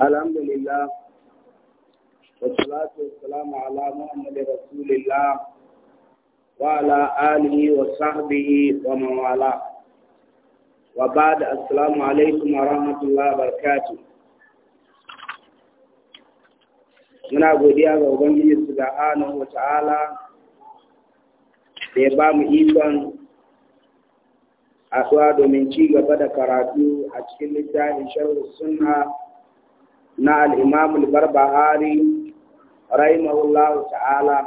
الحمد لله والصلاة والسلام على محمد رسول الله وعلى آله وصحبه ومن والاه وبعد السلام عليكم ورحمة الله وبركاته muna godiya ga Ubangiji subhanahu wa ta'ala da ya ba mu ikon haɗuwa domin ci gaba da karatu a cikin littafin sharhu sunna na al-imam al-barbahari rahimahullahu ta'ala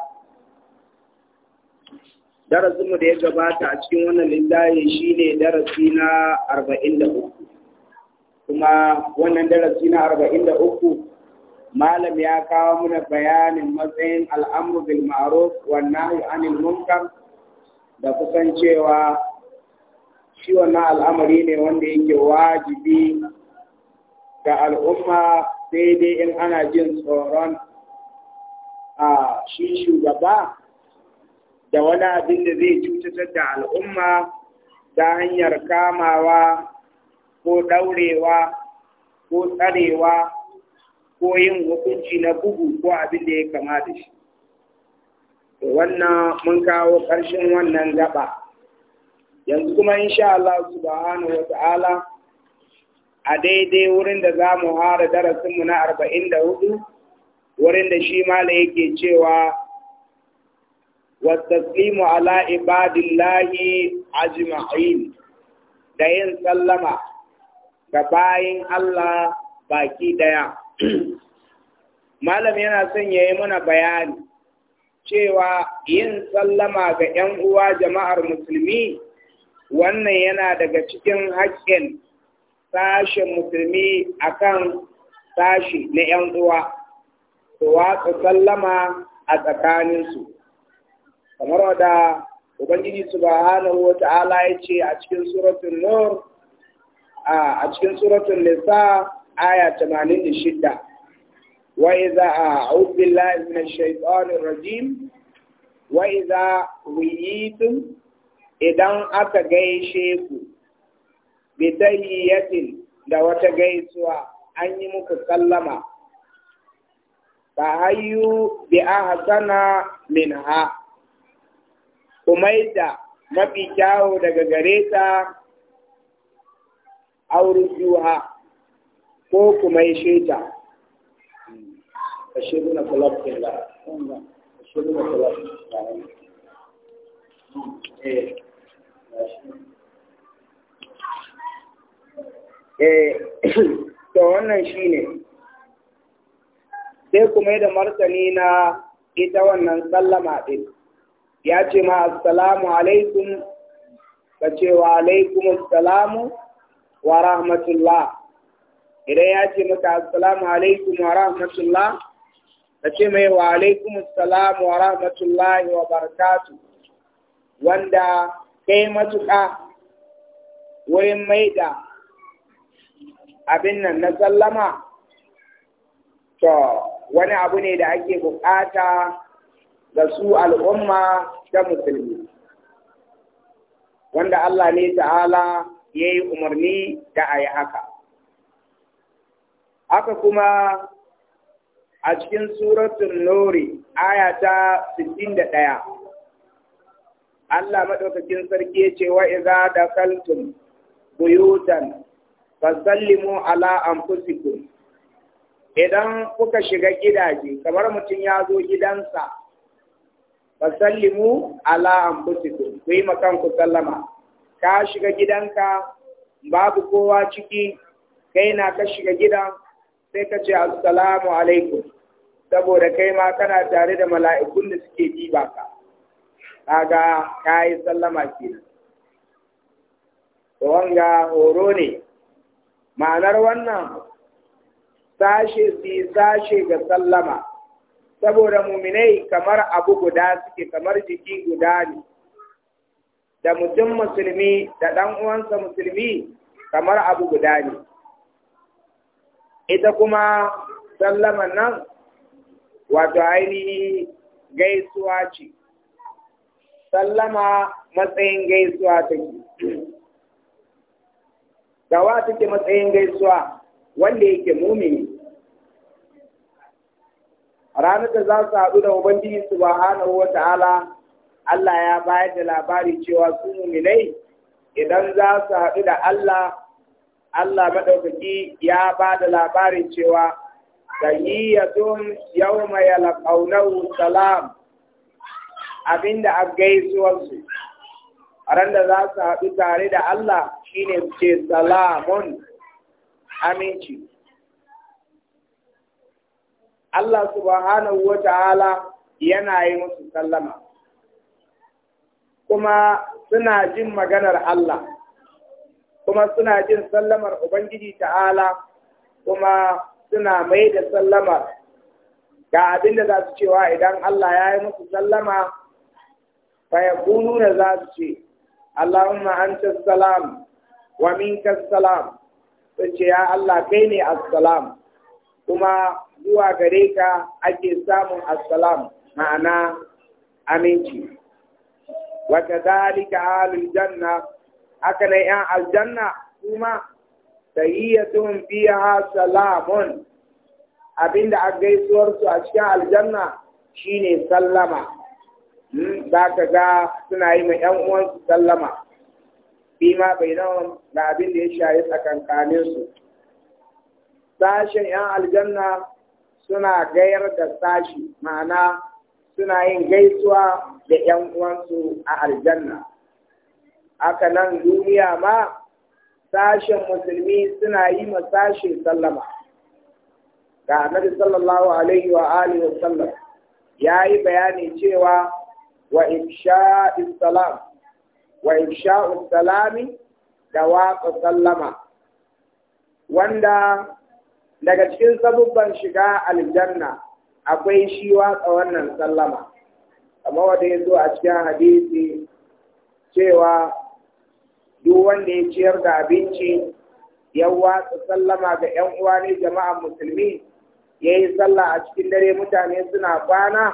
da ya gabata a cikin wannan littafi shine darasi na 43 kuma wannan darasi na 43 malam ya kawo mana bayanin matsayin al'amru bil ma'ruf wan nahyi anil munkar da kusancewa shi wannan al'amari ne wanda yake wajibi ga al'umma sai dai in ana jin tsoron a shi shugaba da wani abin da zai cutatar da al'umma ta hanyar kamawa ko ɗaurewa ko tsarewa ko yin hukunci na bugu ko abin da ya kama da shi. Wannan mun kawo ƙarshen wannan gaba. Yanzu kuma sha Allah subhanahu wa ta'ala a daidai wurin da za mu hara darasinmu na arba'in da hudu wurin da shi mala yake cewa wataslimu ala ibadillahi ajma'in da yin sallama ga bayin Allah baki daya malam yana son ya yi muna bayani cewa yin sallama ga 'yan uwa jama'ar musulmi wannan yana daga cikin haƙƙin sashen musulmi akan sashi na ‘yan uwa, su watsa sallama a tsakaninsu, kamar wadda Ubangiji subhanahu wata ala ya ce a cikin suratun Nur, a cikin suratun Nisa aya 86, wa iza a haubin min shaitanin rajim, wa iza wuyitun idan aka gaishe ku bitayyatin da wata gaisuwa an yi muku sallama fa hayyu bi ahsana minha kumaida mafi kyawu daga gare ta aurujuha ko kuma yi sheta Eh, to wannan shi ne. sai kuma yi da martani na ita wannan sallama ɗin ya ce ma assalamu alaikum ka ce wa alaikum assalamu wa rahmatullah idan ya ce maka assalamu alaikum wa rahmatullah ka ce mai wa alaikum assalamu wa rahmatullahi wa barakatu wanda kai matuƙa wurin da abin nan na sallama to wani abu ne da ake bukata ga su al'umma ta musulmi wanda Allah ne ta'ala ya yi umarni da a yi haka haka kuma a cikin suratun nori aya ta 61 Allah maɗaukakin sarki ce wa iza da kaltun buyutan mu ala anfusikum idan kuka shiga gidaje kamar mutum ya zo gidansa mu ala anfusikum ku yi makan ku sallama ka shiga gidanka babu kowa ciki kai na ka shiga gidan sai ka ce assalamu alaikum saboda kai ma kana tare da mala'ikun da suke ba ka kaga kayi sallama kenan to wanga horo ne ma'anar wannan sashe su sashe ga sallama saboda muminai kamar abu guda suke kamar jiki guda ne da mutum musulmi da ɗan uwansa musulmi kamar abu guda ne ita kuma sallama nan wato ainihi gaisuwa ce sallama matsayin gaisuwa take gawa take matsayin gaisuwa wanda yake mumini ranar da za su haɗu da ubangiji subhanahu wa ta'ala Allah ya bayar da labari cewa su muminai idan za su haɗu da Allah Allah maɗaukaki ya ba da labarin cewa tahiyyatun yawma yalqawnahu salam abinda a gaisuwarsu ran da za su haɗu tare da Allah shine ce salamun aminci Allah subhanahu wa ta'ala yana yi musu sallama, kuma suna jin maganar Allah, kuma suna jin sallamar Ubangiji ta'ala, kuma suna mai da sallamar ga abin da za su cewa idan Allah ya yi musu sallama, fa ya za su ce, Allahumma anta salam wa minka salam to ce ya Allah kai ne assalam kuma zuwa gare ka ake samun assalam ma'ana aminci wa kadhalika alul janna haka ne yan aljanna kuma tahiyyatuhum fiha salamun abinda a gaisuwar su a cikin aljanna shine sallama hmm, za ka ga suna yi ma 'yan uwansu sallama Nima bai nawa da abin da ya shayi tsakankaninsu. Sashen ‘yan aljanna suna gayar da sashi, ma'ana suna yin gaisuwa da ‘yan uwansu a aljanna. Aka nan duniya ma, sashen musulmi suna yi ma sashen sallama. Ga Annabi sallallahu Alaihi wa Alihi wa sallam ya yi bayani cewa wa ifsha'is salam. wa salami da watsa sallama wanda daga cikin sabubban shiga aljanna akwai shi watsa wannan sallama amma wanda ya zo a cikin hadisi cewa duk wanda ya ciyar da abinci ya watsa sallama ga 'yan uwa ne jama'an musulmi ya yi sallah a cikin dare mutane suna kwana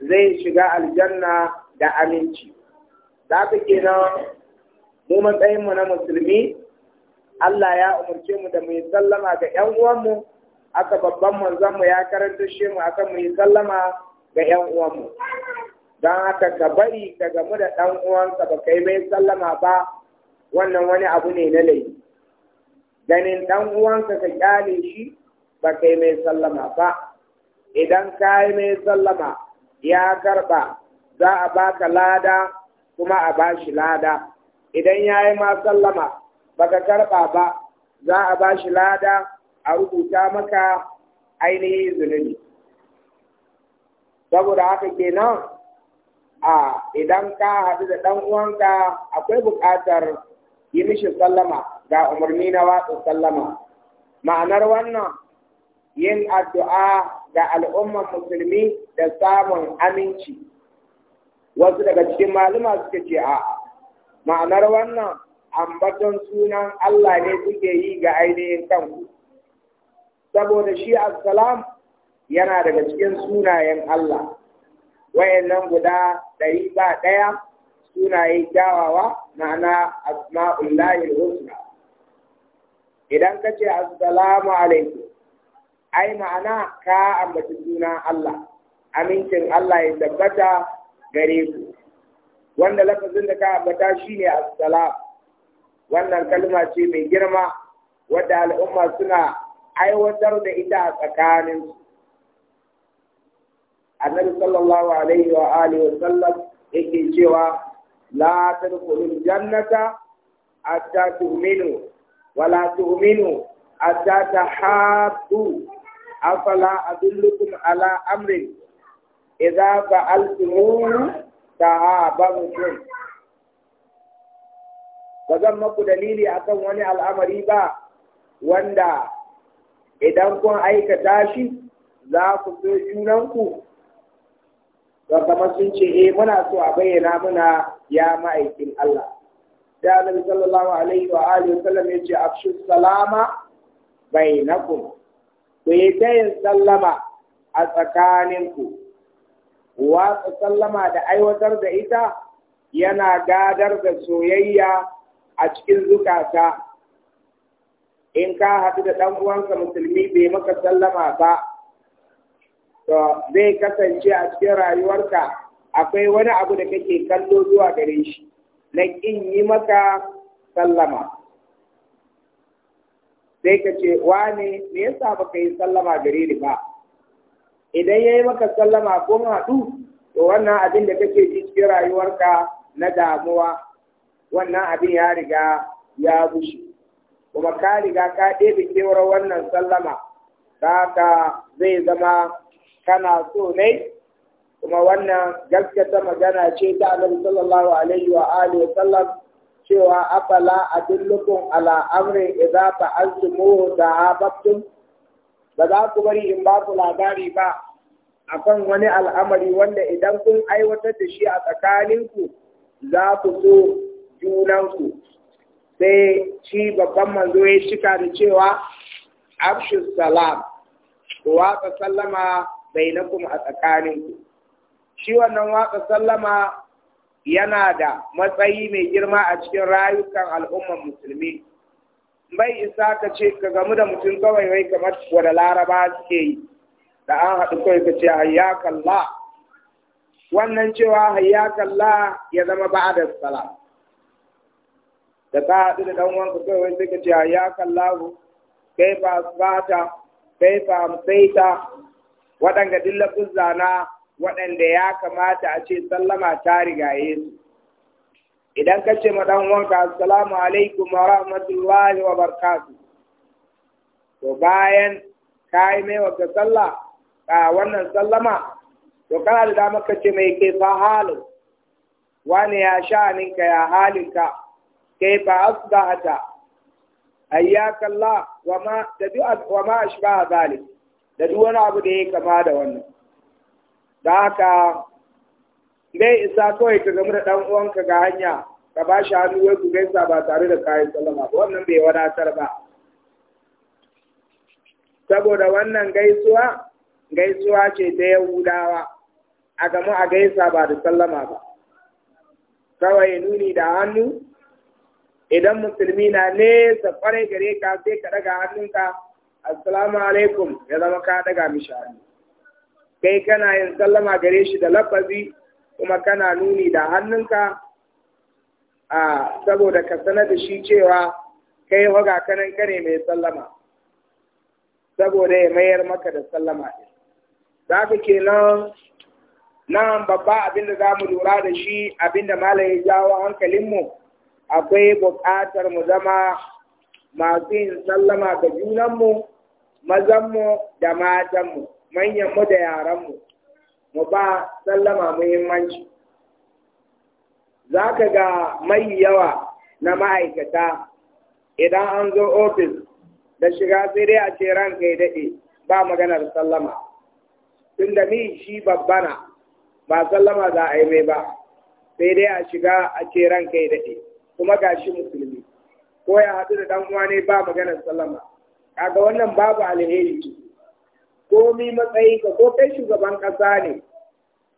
zai shiga aljanna da aminci da ke na mu matsayin mu na musulmi Allah ya umarce mu da mu sallama ga 'yan uwanmu aka babban manzon mu ya karanta shi mu aka mu sallama ga 'yan uwanmu don haka ka bari ka gamu da ɗan uwanka ba kai mai sallama ba wannan wani abu ne na laifi ganin ɗan uwanka ka kyale shi ba kai mai sallama ba idan ka mai sallama ya karɓa za a baka lada kuma a bashi lada idan ya yi ma sallama baka karɓa ba za a bashi lada a rubuta maka ainihin zunubi saboda haka kenan a idan ka haɗu da ɗan uwanka akwai buƙatar yi mishi sallama ga umarni na watsa sallama ma'anar wannan yin addu'a ga al'ummar musulmi da samun aminci wasu daga cikin malama suka ce a ma'anar wannan ambaton sunan Allah ne suke yi ga ainihin kanku saboda shi assalam yana daga cikin sunayen Allah wayannan guda ɗari ba ɗaya sunaye kyawawa ma'ana asma'ullahi husna idan ka ce assalamu alaikum ai ma'ana ka ambaci sunan Allah amincin Allah ya tabbata gare ku wanda lafazin da ka ambata shine assalam wannan kalma ce mai girma wadda al'umma suna aiwatar da ita a tsakanin annabi sallallahu alaihi wa alihi wa sallam yake cewa la tadkhulul jannata hatta tu'minu wa la tu'minu hatta tahabbu afala adullukum ala amrin idza fa'altumu tahabbatum ba zan maku dalili akan wani al'amari ba wanda idan kun aikata shi za ku so junanku ba kamar sun ce eh, muna so a bayyana muna ya ma'aikin Allah da annabi sallallahu alaihi wa alihi wa sallam yace afshu salama bainakum ku yi tayin sallama a tsakaninku watsa sallama da aiwatar da ita yana gadar da soyayya a cikin zukata in ka haɗu da ɗan uwanka musulmi bai maka sallama ba to zai kasance a cikin rayuwarka akwai wani abu da kake kallo zuwa gare shi na ƙin yi maka sallama sai ka ce wane me yasa baka yi sallama gare ni ba idan ya yi maka sallama ko haɗu to wannan abin da kake ji cikin rayuwarka na damuwa wannan abin ya riga ya bushe kuma ka riga ka ɗebe kewar wannan sallama ka zai zama kana so ne kuma wannan gaskata magana ce ta annabi sallallahu alaihi wa alihi wa sallam cewa afala adullukum ala ta idza da ta'abattum ba za ku bari in ba ku labari ba akan wani al'amari wanda idan kun aiwatar da shi a tsakaninku za ku so junanku sai shi babban manzo ya shika da cewa abshus salam ku watsa sallama bainakum a tsakaninku shi wannan watsa sallama yana da matsayi mai girma a cikin rayukan al'ummar musulmi bai isa ka ce ka gamu da mutum kawai wai kamar wada laraba suke yi da an haɗu kawai ka ce hayyakalla wannan cewa hayyakalla ya zama ba'da salam da ka haɗu da ɗan wanka kawai sai ka ce ku kai fa asbata kai fa saita, waɗanda dillafin zana waɗanda ya kamata a ce sallama ta rigaye su idan ka ce ma dan wanka assalamu alaikum wa rahmatullahi wa barakatuh to bayan ka yi mai wata sallah a wannan sallama to kana da dama ka ce mai ke fa halu wani ya sha'aninka ya halinka kai fa asbahata ayyaka Allah wa ma shi wa ma ashbaha da duk abu da ya kama da wannan da haka bai isa kawai ka gamu da ɗan uwanka ga hanya ka ba shi hannu wai ku gaisa ba tare da kayan sallama ba wannan bai wadatar ba saboda wannan gaisuwa gaisuwa ce ta yahudawa a gamu a gaisa ba da sallama ba kawai nuni da hannu idan musulmi na nesa kwarai gare ka sai ka daga hannunka assalamu alaikum ya zama ka daga mishi hannu kai kana yin sallama gare shi da lafazi kuma kana nuni da hannunka a saboda ka sanar da shi cewa kai waga kanan kare mai sallama saboda ya mayar maka da sallama ɗin za ka kenan nan babba abinda za mu lura da shi abinda malam ya jawo hankalinmu akwai buƙatar mu zama masu yin sallama ga junanmu mazanmu da matanmu manyanmu da yaranmu mu ba sallama muhimmanci za ka ga mai yawa na ma'aikata idan an zo ofis da shiga sai dai a ce ranka ya daɗe ba maganar sallama tun da ni shi babbana ba sallama za a yi mai ba sai dai a shiga a ce ranka ya daɗe kuma ga shi musulmi ko ya haɗu da ɗan uwa ne ba maganar sallama kaga wannan babu alheri komi matsayi ka ko kai shugaban ƙasa ne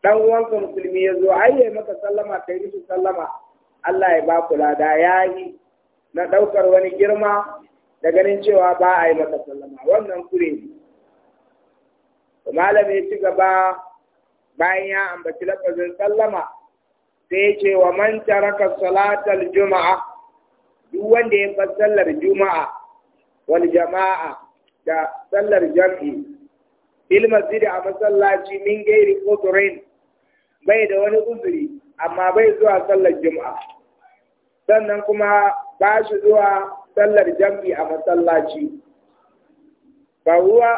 dan uwanka musulmi ya zo ai yayi maka sallama kai rishi sallama Allah ya ba ku lada yayi na ɗaukar wani girma da ganin cewa ba a yi maka sallama wannan kure ne malami ya ci gaba bayan ya ambaci lafazin sallama sai ya ce wa man taraka salatal juma'a duk wanda ya bar sallar juma'a wani jama'a da sallar jam'i fil masjid a masallaci min gairi udrin bai da wani uzuri amma bai zuwa sallar juma'a sannan kuma ba shi zuwa sallar jam'i a masallaci ba ruwa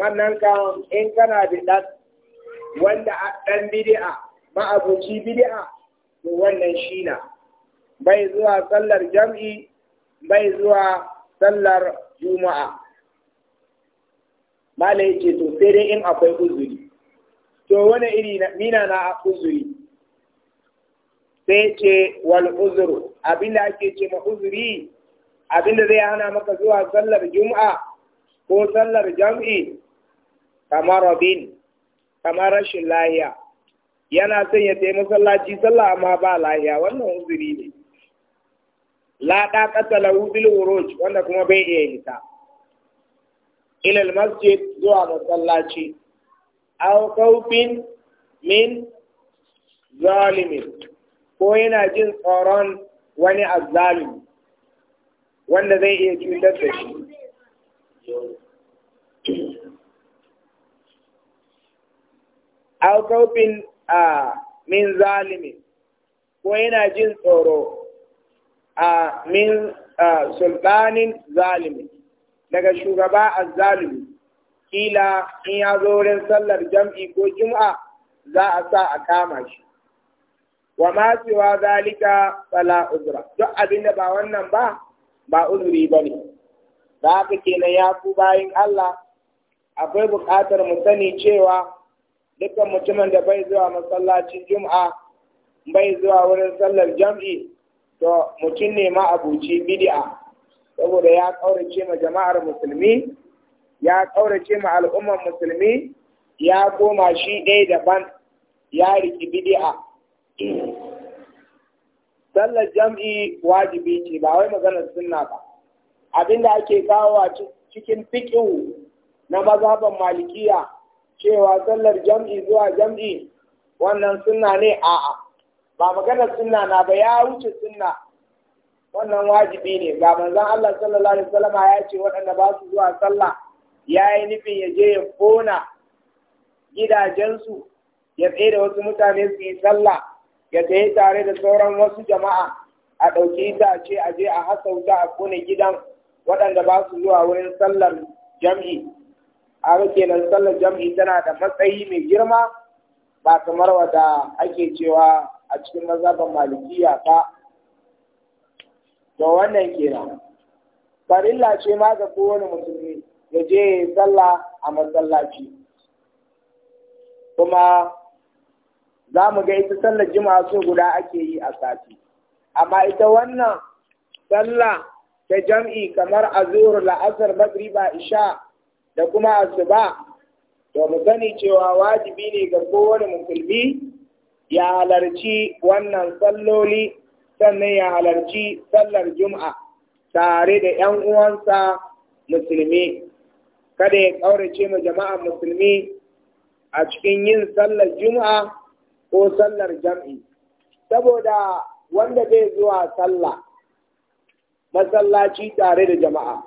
wannan kan in kana da dan wanda a dan bid'a ma abuci bid'a to wannan shina bai zuwa sallar jam'i bai zuwa sallar juma'a mala ya ce to sai dai in akwai uzuri to wani iri mina na uzuri sai ce wal uzuru abinda ake ce ma uzuri abinda zai hana maka zuwa sallar juma'a ko sallar jam'i kamar rabin kamar rashin lahiya yana son ya tayi masallaci sallah amma ba lahiya wannan uzuri ne la daqata lahu bil wanda kuma bai iya hita ila masjid zuwa masallaci aw kaufin min zalimin ko yana jin tsoron wani azzalimi wanda zai iya cutar da shi aw khawfin min zalimin ko yana jin tsoro a min sultanin zalimi daga shugaba azzalimi kila in ya zo wurin sallar jam'i ko jum'a za a sa a kama shi wa ma cewa zalika fala uzra duk abin da ba wannan ba ba uzuri ne. Ba haka kenan ya ku bayin Allah akwai buƙatar mu sani cewa dukkan mutumin da bai zuwa masallacin jum'a bai zuwa wurin sallar jam'i to mutum ne ma abuci bid'a saboda ya kaurace ma jama'ar musulmi ya ƙaurace ma al'umman musulmi ya koma shi ɗaya daban ya riki bid'a sallar jam'i wajibi ce ba wai maganar sunna ba abinda ake kawo a cikin fiqhu na mazhaban malikiya cewa sallar jam'i zuwa jam'i wannan sunna ne a'a ba maganar sunna na ba ya wuce sunna wannan wajibi ne ga manzon Allah sallallahu alaihi wasallam ya ce waɗanda ba su zuwa sallah ya yi nufin ya je ya kona gidajensu ya tsaye da wasu mutane su yi sallah ya tsaye tare da sauran wasu jama'a a ɗauki itace a je a hasauta a kone gidan waɗanda ba su zuwa wurin sallar jam'i a nan sallar jam'i tana da matsayi mai girma ba kamar wadda ake cewa a cikin mazhaban malikiya ba to wannan kenan farilla ce ma ga kowane musulmi ya je ya sallah a masallaci kuma za mu ga ita sallar jima'a so guda ake yi a sati amma ita wannan sallah ta jam'i kamar a zuru la'asar magriba isha da kuma asuba to mu sani cewa wajibi ne ga kowane musulmi ya halarci wannan salloli sannan ya halarci sallar juma'a tare da 'yan uwansa musulmi kada ya ƙaurace ma jama'a musulmi a cikin yin sallar juma'a ko sallar jam'i saboda wanda zai zuwa sallah masallaci tare da jama'a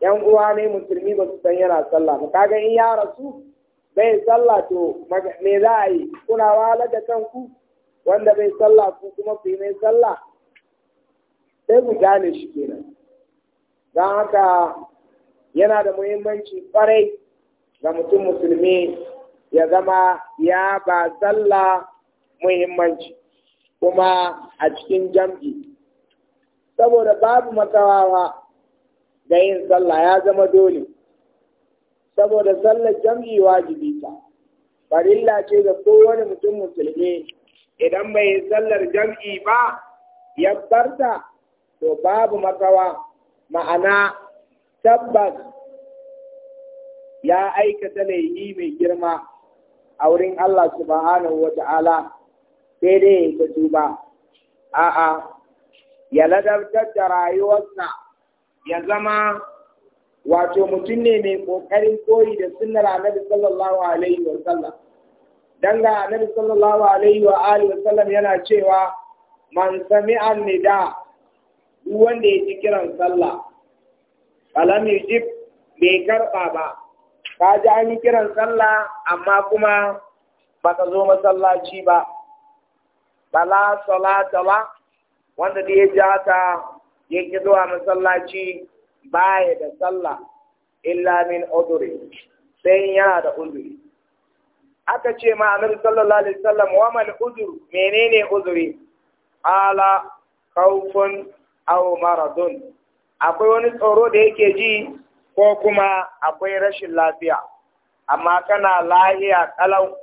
yan uwa ne musulmi ba su san yana sallah ba kaga in ya rasu bai sallah to me za a yi kuna wala da kanku wanda bai sallah ku kuma ku yi mai sallah sai ku gane shi kenan don haka yana da muhimmanci kwarai ga mutum musulmi ya zama ya ba zalla muhimmanci kuma a cikin jam'i saboda babu makawawa da yin sallah ya zama dole saboda sallar jam'i wajibi ta farilla ce da kowane mutum musulmi idan bai sallar jam'i ba ya barta to babu makawa ma'ana tabbas ya aikata laifi mai girma a wurin Allah subhanahu wa ta'ala sai dai ya tuba a'a ya ladabtar da rayuwarsa ya zama wato mutum ne mai ƙoƙarin koyi da sunnar annabi sallallahu alaihi wa sallam dan ga annabi sallallahu alaihi wa alihi wa sallam yana cewa man sami'a nida duk wanda ya ji kiran sallah alam yujib bai karba ba ka ji an yi kiran sallah amma kuma ba ka zo masallaci ba bala salata ba wanda da ya ja ta ya ki zuwa masallaci baya da sallah illa min uduri sai yana da uzuri. aka ce ma amir sallallahu alaihi wasallam wa man udur menene uduri ala khawfun aw maradun akwai wani tsoro da yake ji ko kuma akwai rashin lafiya amma kana lahiya kalau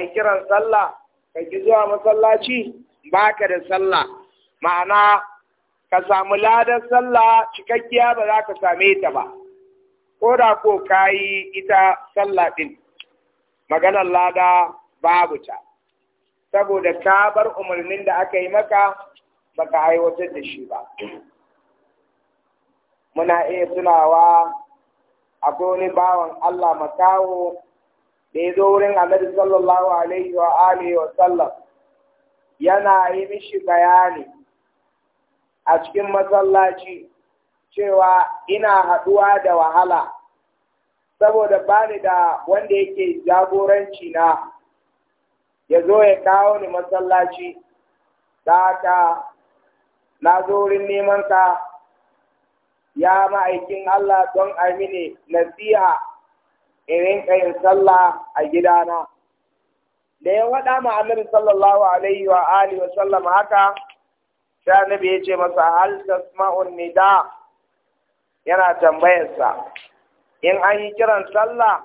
yi kiran sallah ka ki zuwa masallaci ba ka da sallah ma'ana ka samu ladar sallah cikakkiya ba za ka same ta ba ko da ko ka yi ita sallah din maganar lada babu ta saboda ka bar umarnin da aka yi maka baka aiwatar da shi ba muna iya tunawa akwai wani bawan Allah makawo da ya zo wurin annabi sallallahu alaihi wa alihi wa sallam yana yi mishi bayani a cikin masallaci cewa ina haɗuwa da wahala saboda bani da wanda yake jagoranci na ya zo ya kawo ni masallaci da haka na zo wurin neman ka ya ma'aikin Allah don a mini nasiha irin rinka sallah a gidana. Da ya waɗa ma annabi sallallahu alaihi wa ali wa sallam haka, sai annabi ya ce masa hal tasma'un nida yana tambayarsa. In an yi kiran sallah,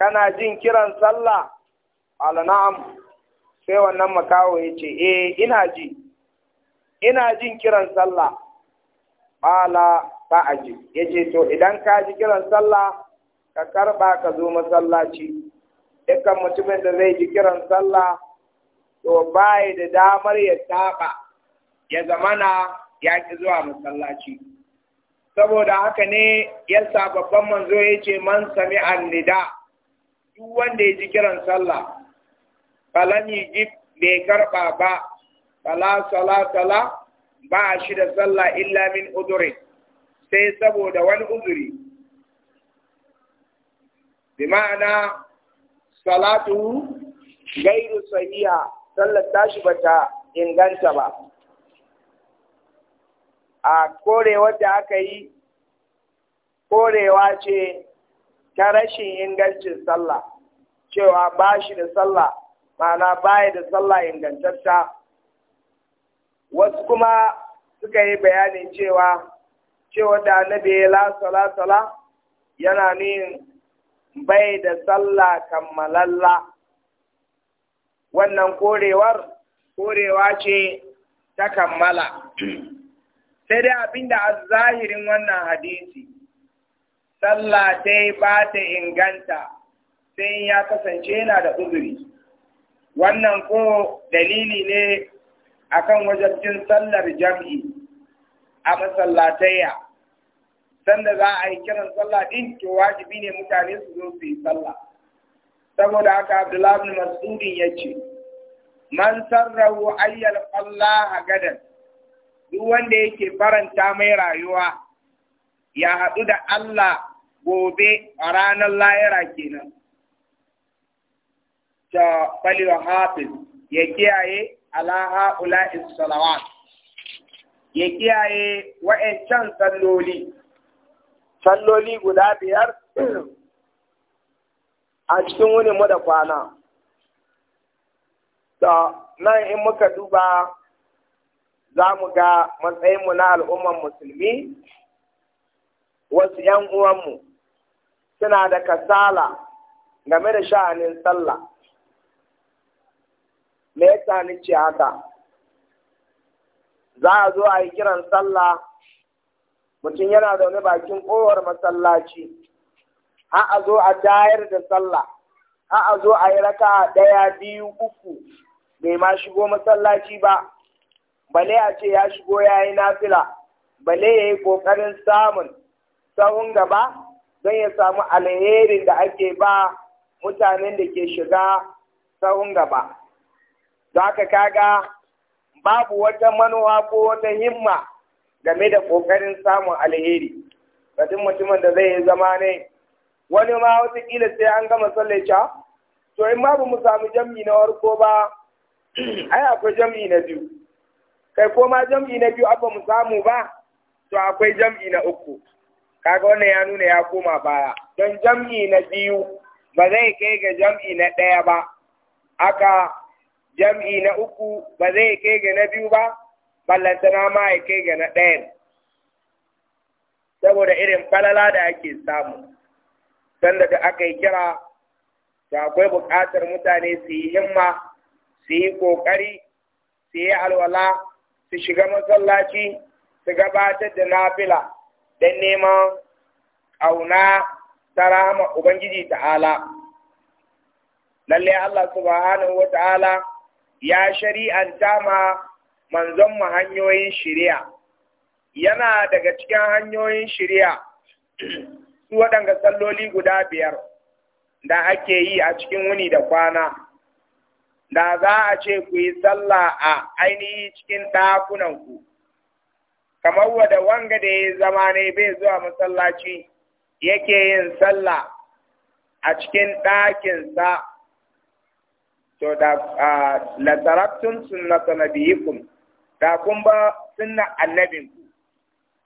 kana jin kiran sallah? Ala na'am, sai wannan makawo ya ce, eh ina ji, ina jin kiran sallah. Bala fa aji yace to idan ka ji kiran sallah ka karba ka zo masallaci dukkan mutumin da zai ji kiran sallah to bai da damar ya saba ya zamana ya ki zuwa masallaci saboda haka ne ya sa babban manzo yace man sami annida duk wanda ya ji kiran sallah falan yijib bai karba ba sala sala ba shi da sallah illa min udurin sai saboda wani uzuri bi ma'ana salatu gairu sahiya sallar tashi bata inganta ba a korewar da aka yi korewa ce ta rashin ingancin sallah cewa ba shi da sallah ma'ana baya da sallah ingantatta wasu kuma suka yi bayanin cewa cewa da annabi ya la sala sala yana nihin bai da sallah kammalalla wannan korewar korewa ce ta kammala sai dai abinda a zahirin wannan hadisi sallah dai ba ta inganta sai ya kasance yana da uzuri wannan ko dalili ne akan wajabcin sallar jam'i a masallatayya sanda za a yi kiran sallah din ke wajibi ne mutane su zo su yi sallah saboda haka Abdullahi bin Mas'ud ya ce man sarrahu ayyal allah gadan duk wanda yake faranta mai rayuwa ya haɗu da Allah gobe a ranar layara kenan ta baliwa hafiz ya kiyaye ala ha'ula salawat ya kiyaye wa'ancan salloli salloli guda biyar a cikin wuni mu da kwana da nan in muka duba za mu ga matsayinmu na al'umman musulmi wasu ‘yan uwanmu suna da kasala game da sha'anin sallah me yasa ni ce haka za a zo a yi kiran sallah mutum yana zaune bakin kowar masallaci ha a zo a tayar da sallah ha a zo a yi raka ɗaya biyu uku bai ma shigo masallaci ba bale a ce ya shigo ya yi nafila bale ya yi ƙoƙarin samun sahun gaba don ya samu alherin da ake ba mutanen da ke shiga sahun gaba. Za ka kaga babu wata manuwa ko wata himma game da ƙoƙarin samun alheri batun mutumin da zai zama ne wani ma kila sai an gama sallaca to in ma ba mu samu jam'i na warko ba ai akwai jam'i na biyu kai ko ma jam'i na biyu abba mu samu ba to akwai jam'i na uku kaga wannan ya nuna ya koma baya don jam'i na biyu ba zai kai ga jam'i na ɗaya ba aka jam'i na uku ba zai kai ga na biyu ba ballantana ma ya kai ga na ɗayan saboda irin falala da ake samu sanda da aka yi kira da akwai buƙatar mutane su yi himma su yi ƙoƙari su yi alwala su shiga masallaci su gabatar da nafila don neman ƙauna ta rahama Ubangiji ta'ala. Lalle Allah subhanahu wa ta'ala ya shari'anta ma manzon mu hanyoyin shari'a yana daga cikin hanyoyin shari'a su waɗanga salloli guda biyar da ake yi a cikin wuni da kwana da za a ce ku yi sallah a ainihi cikin ɗakunanku kamar wada wanga da ya zama ne bai zuwa masallaci yake yin sallah a cikin ɗakinsa to da la taraktum sunnata nabiyikum da kun ba sunna annabin ku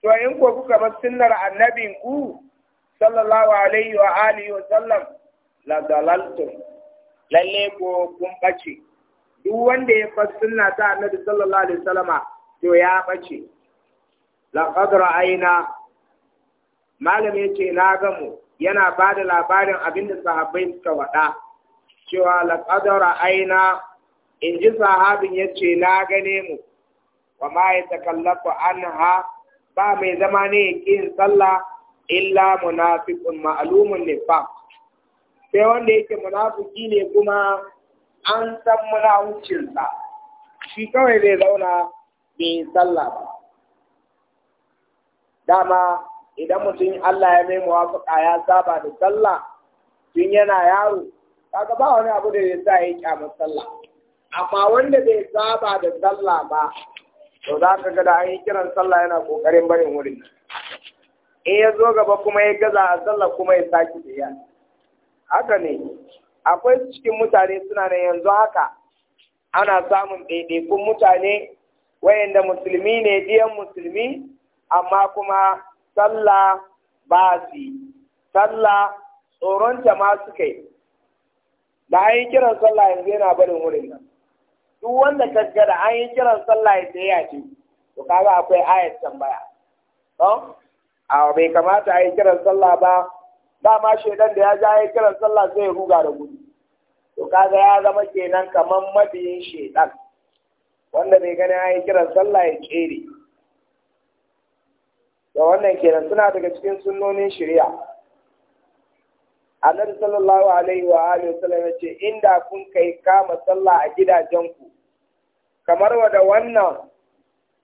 to in ko kuka ba sunnar annabin ku sallallahu alaihi wa alihi wa sallam la dalaltum lalle ko kun bace duk wanda ya fa sunna ta annabi sallallahu alaihi wasallama to ya bace laqad ra'ayna malami yace na gamu yana bada labarin abinda sahabbai suka wada cewa laƙadara aina in ji sahabin ya ce na gane mu wa ma ya takallafa an ba mai zama ne ya sallah illa munafiqun ma'lumun nifaq sai wanda yake munafiki ne kuma an san muna sa shi kawai zai zauna bai sallah ba dama idan mutum Allah ya mai muwafaqa ya saba da sallah tun yana yaro kaga ba wani abu da ya sa ya kyamar sallah amma wanda bai saba da sallah ba to za ka ga da an yi kiran sallah yana kokarin barin wurin in ya zo gaba kuma ya gaza a sallah kuma ya saki da ya haka ne akwai cikin mutane suna nan yanzu haka ana samun ɗaiɗaikun mutane wayanda musulmi ne biyan musulmi amma kuma sallah ba su yi, sallah tsoronta ma suka yi da an yi kiran sallah yanzu yana barin wurin nan duk wanda ka ga da an yi kiran sallah yanzu ya ce to kaga akwai ayat tambaya don a bai kamata a yi kiran sallah ba ma shaidan da ya ja yi kiran sallah sai ya ruga da gudu to kaga ya zama kenan kaman mabiyin shaidan wanda bai gani a yi kiran sallah ya kere da wannan kenan suna daga cikin sunnonin shari'a annabi sallallahu alaihi wa alihi sallam yace inda kun kai kama sallah a gidajenku kamar wa da wannan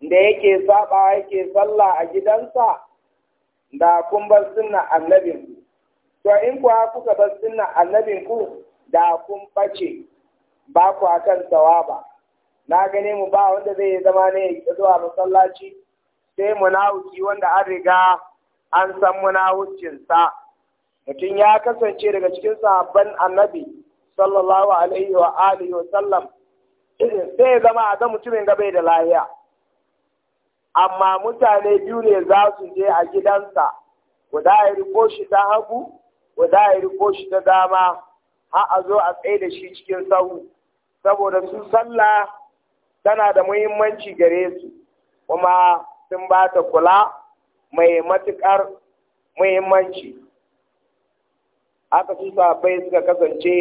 da yake saba yake sallah a gidansa da kun bar sunna annabin ku to in ku kuka bar sunna annabin ku da kun bace ba ku akan tawaba na gane mu ba wanda zai zama ne zuwa masallaci sai munawuki wanda an riga an san munawucin sa mutum ya kasance daga cikin sahabban annabi sallallahu alaihi wa alihi wa sallam sai zama a ga mutumin da bai da lahiya amma mutane biyu ne za su je a gidansa guda ya riko shi ta hagu guda ya riko shi ta dama har a zo a tsaye da shi cikin sahu saboda su sallah tana da muhimmanci gare su kuma sun ba ta kula mai matuƙar muhimmanci aka su sahabbai suka kasance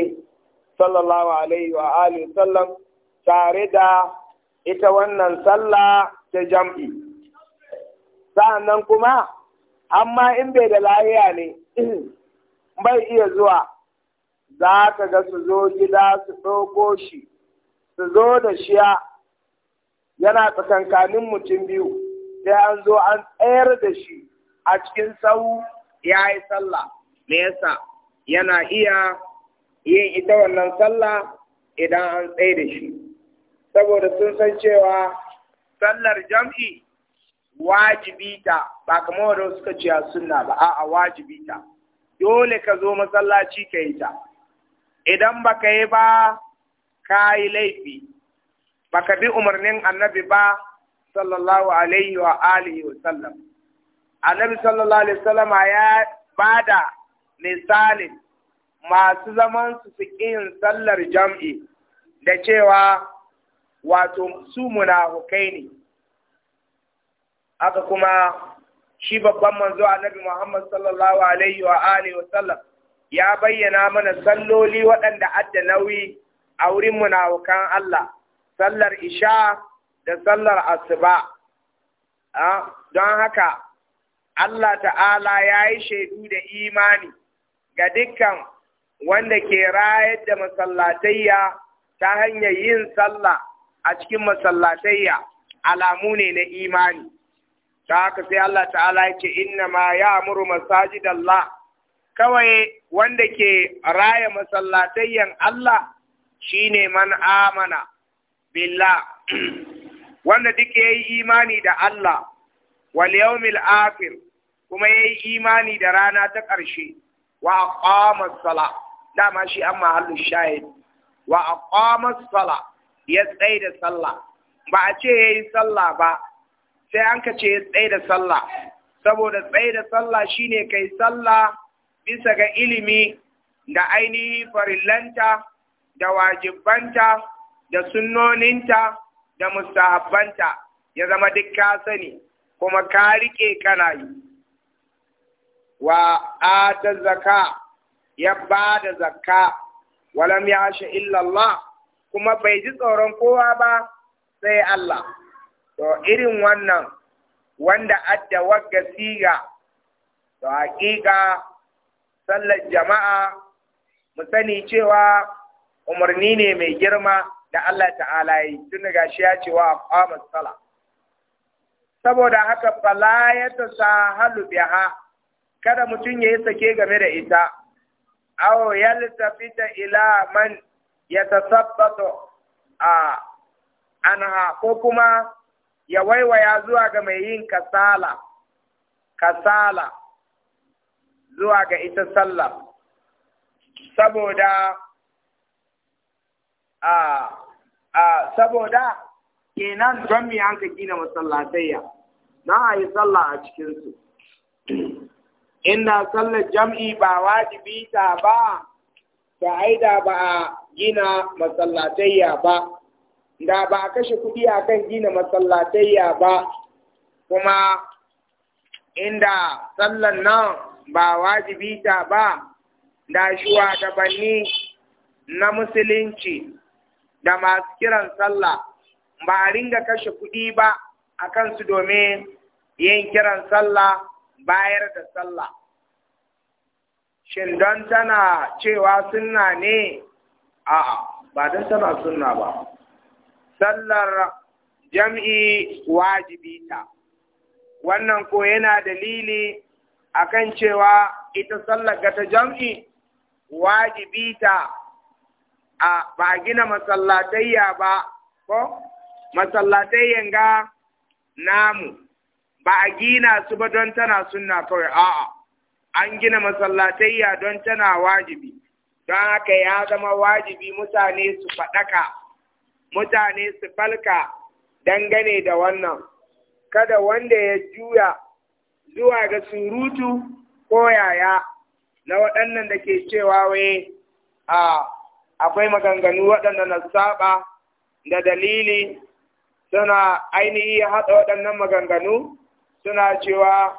sallallahu alaihi wa alihi sallam tare da ita wannan sallah ta jam'i sa'annan kuma amma in bai da lahiya ne bai iya zuwa za ka ga su zo gida su ɗauko shi su zo da shiya yana tsakankanin mutum biyu sai an zo an tsayar da shi a cikin sau ya yi sallah me yasa yana iya yin ita wannan sallah idan an tsaye da shi saboda sun san cewa sallar jam'i wajibi ta ba kamar wanda suka ce sunna ba a'a wajibi ta dole ka zo masallaci ka yi ta idan baka yi ba ka yi laifi Ba ka bi umarnin annabi ba sallallahu alaihi wa alihi wa sallam annabi sallallahu alaihi wa sallama ya bada misalin masu zaman su su sallar jam'i da cewa wato su munafukai ne aka kuma shi babban manzo annabi Muhammad sallallahu alaihi wa Alaihi wa sallar ya bayyana mana salloli waɗanda adda nauyi a wurin munafukan Allah sallar isha da sallar asuba ah, don haka Allah ta'ala ya yi shaidu da imani ga dukkan wanda ke rayar da masallatayya ta hanyar yin sallah a cikin masallatayya alamu ne na imani ta haka sai Allah ta'ala ya ce inna ma ya amuru masajidallah kawai wanda ke raya masallatayyan Allah shine man amana billah wanda duk yi imani da Allah wal yawmil akhir kuma yayi imani da rana ta ƙarshe wa aqama sala dama shi an mahallu shahid wa aqama sala ya tsaida da sallah ba a ce yayi sallah ba sai an ka ce ya tsaida da sallah saboda tsaida da sallah shine kai sallah bisa ga ilimi da ainihi farillanta da wajibanta, da sunnoninta da mustahabbanta ya zama duk ka sani kuma ka rike kana yi wa ata zaka ya ba da zakka walam ya shi illallah kuma bai ji tsoron kowa ba sai Allah to irin wannan wanda adda wagga siga to hakika sallar jama'a mu sani cewa umarni ne mai girma da Allah ta'ala yi tun daga shi ya ce wa qamat sala saboda haka fala ya sahalu biha kada mutum ya yi sake game da ita, awo ya ta ila man ya tasabbato a anha ko kuma ya waiwaya zuwa ga mai yin kasala, kasala zuwa ga ita sallah, saboda a a saboda kenan don me an ka gina masallatayya na a yi sallah a cikinsu. inna sallar jam'i ba wajibi ta ba ta aida ba a gina masallatayya ba da ba a kashe kuɗi a kan gina masallatayya ba kuma inda sallar nan ba wajibi ta ba da shugabanni na musulunci da masu kiran sallah ba a ringa kashe kuɗi ba a kansu domin yin kiran sallah bayar da sallah shin don tana cewa sunna ne a ba don tana sunna ba sallar jam'i wajibi ta wannan ko yana dalili akan cewa ita sallar ta jam'i wajibi ta a ba gina masallatayya ba ko masallatayyan ga namu ba a gina su ba don tana sunna kawai a'a an gina masallatayya don tana wajibi don haka ya zama wajibi mutane su faɗaka mutane su falka dangane da wannan kada wanda ya juya zuwa ga surutu ko yaya na waɗannan da ke cewa wai akwai maganganu waɗanda na saba da dalili suna ainihi haɗa waɗannan maganganu suna cewa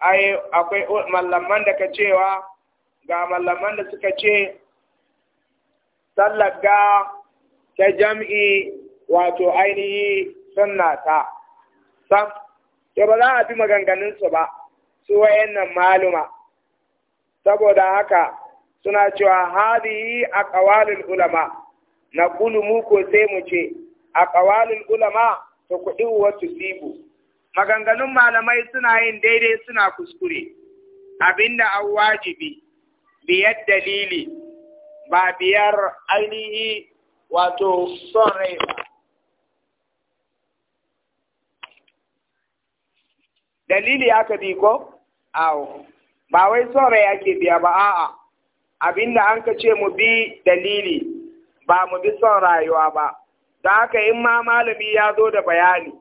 ai akwai mallaman da ka cewa ga mallaman da suka ce sallar ga ta jam'i wato ainihi sunna ta sam to ba za a bi maganganunsu ba su wayannan maluma saboda haka suna cewa hadihi a ƙawalin ulama na mu ko sai mu ce a ƙawalin ulama ta kuɗi wasu sibu maganganun malamai suna yin daidai suna kuskure abinda an wajibi biyar dalili ba biyar ainihi wato son rai ba dalili aka bi ko awo ba wai son rai ake biya ba a'a abinda an ka ce mu bi dalili ba mu bi son rayuwa ba da haka in ma malami ya zo da bayani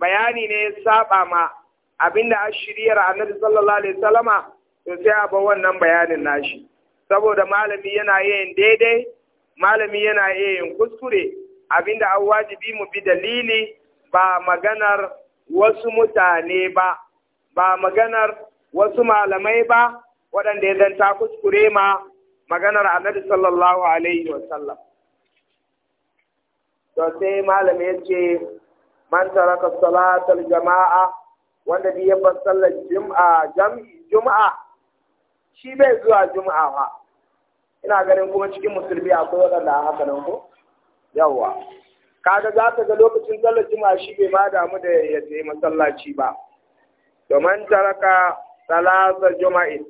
bayani ne ya saba ma abinda a shiriyar annabi sallallahu alaihi wasallama to sai a bar wannan bayanin nashi saboda malami yana yin daidai malami yana yin kuskure abinda an wajibi mu bi dalili ba maganar wasu mutane ba ba maganar wasu malamai ba waɗanda ya zanta kuskure ma maganar annabi sallallahu alaihi wasallam to sai malami ya ce man taraka salatal jama'a wanda bi yabba sallar jum'a jam'i jum'a shi bai zuwa jum'a ba. ina ganin kuma cikin musulmi akwai waɗanda a haka nan ko yawa kaga za ka ga lokacin sallar jum'a shi bai ba damu da ya je masallaci ba man taraka salasa juma'in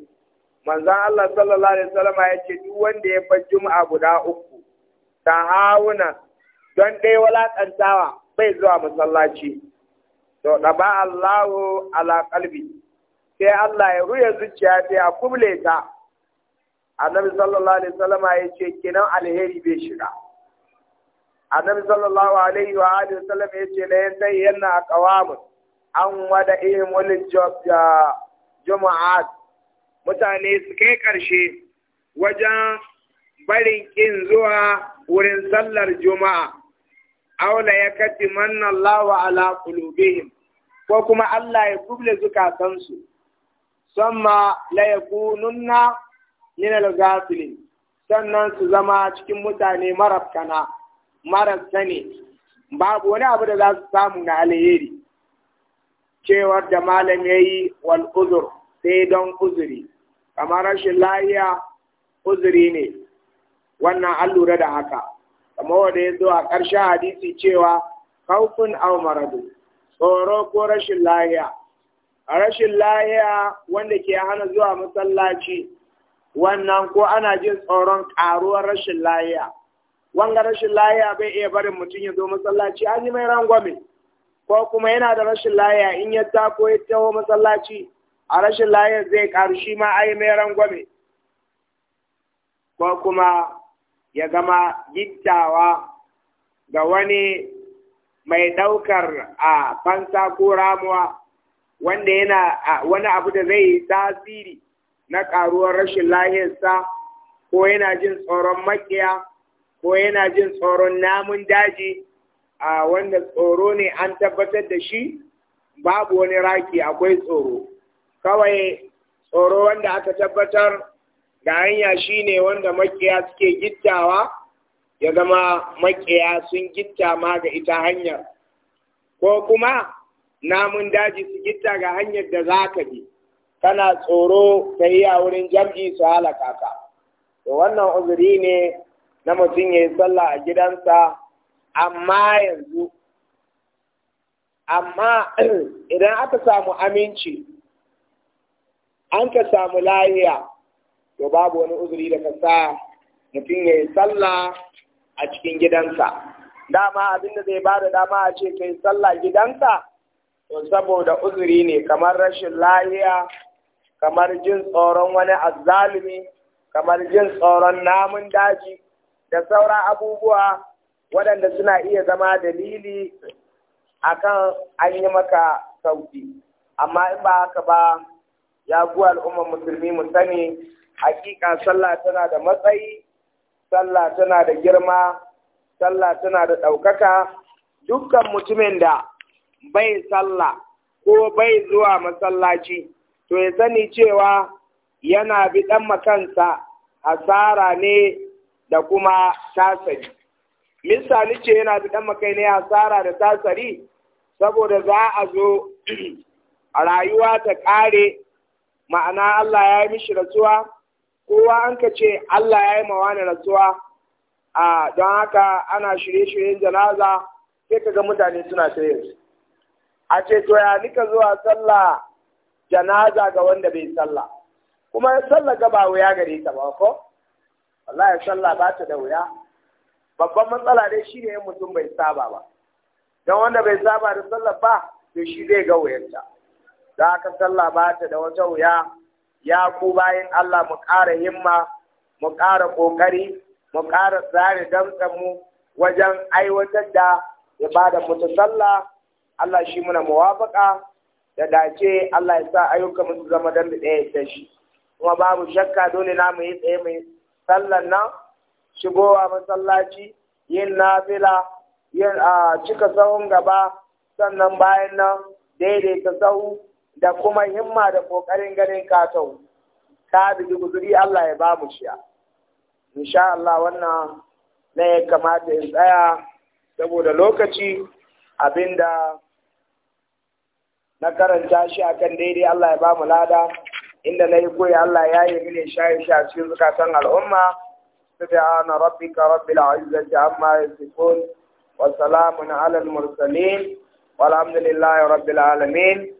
manzon Allah sallallahu alaihi wasallam ya ce duk wanda ya bar jum'a guda uku ta hauna don dai walakantawa bai zuwa masallaci to da ba Allahu ala qalbi sai Allah ya ruya zuciya sai ya kuble ta annabi sallallahu alaihi wasallam ya ce kinan alheri bai shiga annabi sallallahu alaihi wa alihi wasallam ya ce sai yana aqwamun an wada wada'ihim wal jumu'at mutane su kai karshe wajen barin kin zuwa wurin sallar juma'a aula ya kati manna Allah ala qulubihim ko kuma Allah ya kuble zukatansu Sama la yakununna min al sannan su zama cikin mutane marafkana marasa ne babu wani abu da za su samu na alheri cewar da malam ya yi wal uzur sai don uzuri kamar rashin lahiya uzuri ne wannan an lura da haka kamar wanda ya zo a ƙarshen hadisi cewa kaufin aw tsoro ko rashin lahiya a rashin lahiya wanda ke hana zuwa masallaci wannan ko ana jin tsoron ƙaruwar rashin lahiya wanga rashin lahiya bai iya barin mutum ya zo masallaci an yi mai rangwame ko kuma yana da rashin lahiya in ya ko ya taho masallaci a rashin lahiya zai ƙaru shi ma ayi mai rangwame ko kuma ya gama gittawa ga wani mai ɗaukar a fansa ko ramuwa wanda yana wani abu da zai yi tasiri na ƙaruwar rashin lahiyarsa ko yana jin tsoron makiya ko yana jin tsoron namun daji a wanda tsoro ne an tabbatar da shi babu wani raki akwai tsoro kawai tsoro wanda aka tabbatar Ga hanya shi ne wanda makiya suke gittawa ya zama makiya sun gitta ma ga ita hanyar ko kuma namun daji su gitta ga hanyar da za ka bi kana tsoro ta yi a wurin jam'i su halaka ka to wannan uzuri ne na mutum ya yi sallah a gidansa amma yanzu amma idan aka samu aminci an ka samu lahiya to babu wani uzuri da ka sa mutum ya yi sallah a cikin gidansa dama abin da zai ba da dama a ce yi sallah gidansa to saboda uzuri ne kamar rashin lahiya kamar jin tsoron wani azzalumi kamar jin tsoron namun daji da sauran abubuwa waɗanda suna iya zama dalili akan an yi maka sauki amma in ba haka ba ya guwa al'ummar musulmi mu sani hakika sallah tana da matsayi sallah tana da girma sallah tana da ɗaukaka dukkan mutumin da bai sallah ko bai zuwa masallaci to ya sani cewa yana bi ɗan makansa hasara ne da kuma tasari misali ce yana bi ɗan makai ne hasara da tasari saboda za a zo rayuwa ta ƙare ma'ana Allah ya yi mishi rasuwa kowa an ka ce Allah ya yi mawa na rasuwa a don haka ana shirye-shiryen janaza sai ka ga mutane suna ta a ce to ya nika zuwa sallah janaza ga wanda bai sallah kuma ya sallah ga ba wuya gare ta ba ko wallahi sallah ba ta da wuya babban matsala dai shi ne mutum bai saba ba don wanda bai saba da sallah ba to shi zai ga wuyarta da haka sallah ba ta da wata wuya ya ku bayan Allah mu ƙara himma mu ƙara ƙoƙari mu ƙara tsare mu wajen aiwatar da ibadar mu ta sallah Allah shi muna muwafaka da dace Allah ya sa ayyukan mu su zama dan ɗaya da shi kuma babu shakka dole na mu yi tsaye mai sallan nan shigowa masallaci yin nafila yin a ah, cika sahun gaba sannan bayan nan daidaita sahu da kuma himma da ƙoƙarin ganin katon ka bi guzuri Allah ya ba mu shiya insha Allah wannan na ya kamata in tsaya saboda lokaci abinda na karanta shi akan daidai Allah ya ba mu lada inda na yi koyi Allah ya yi mini shayi a cikin zukatan al'umma سبحان ربك رب العزة عما يصفون وسلام على المرسلين والحمد لله رب العالمين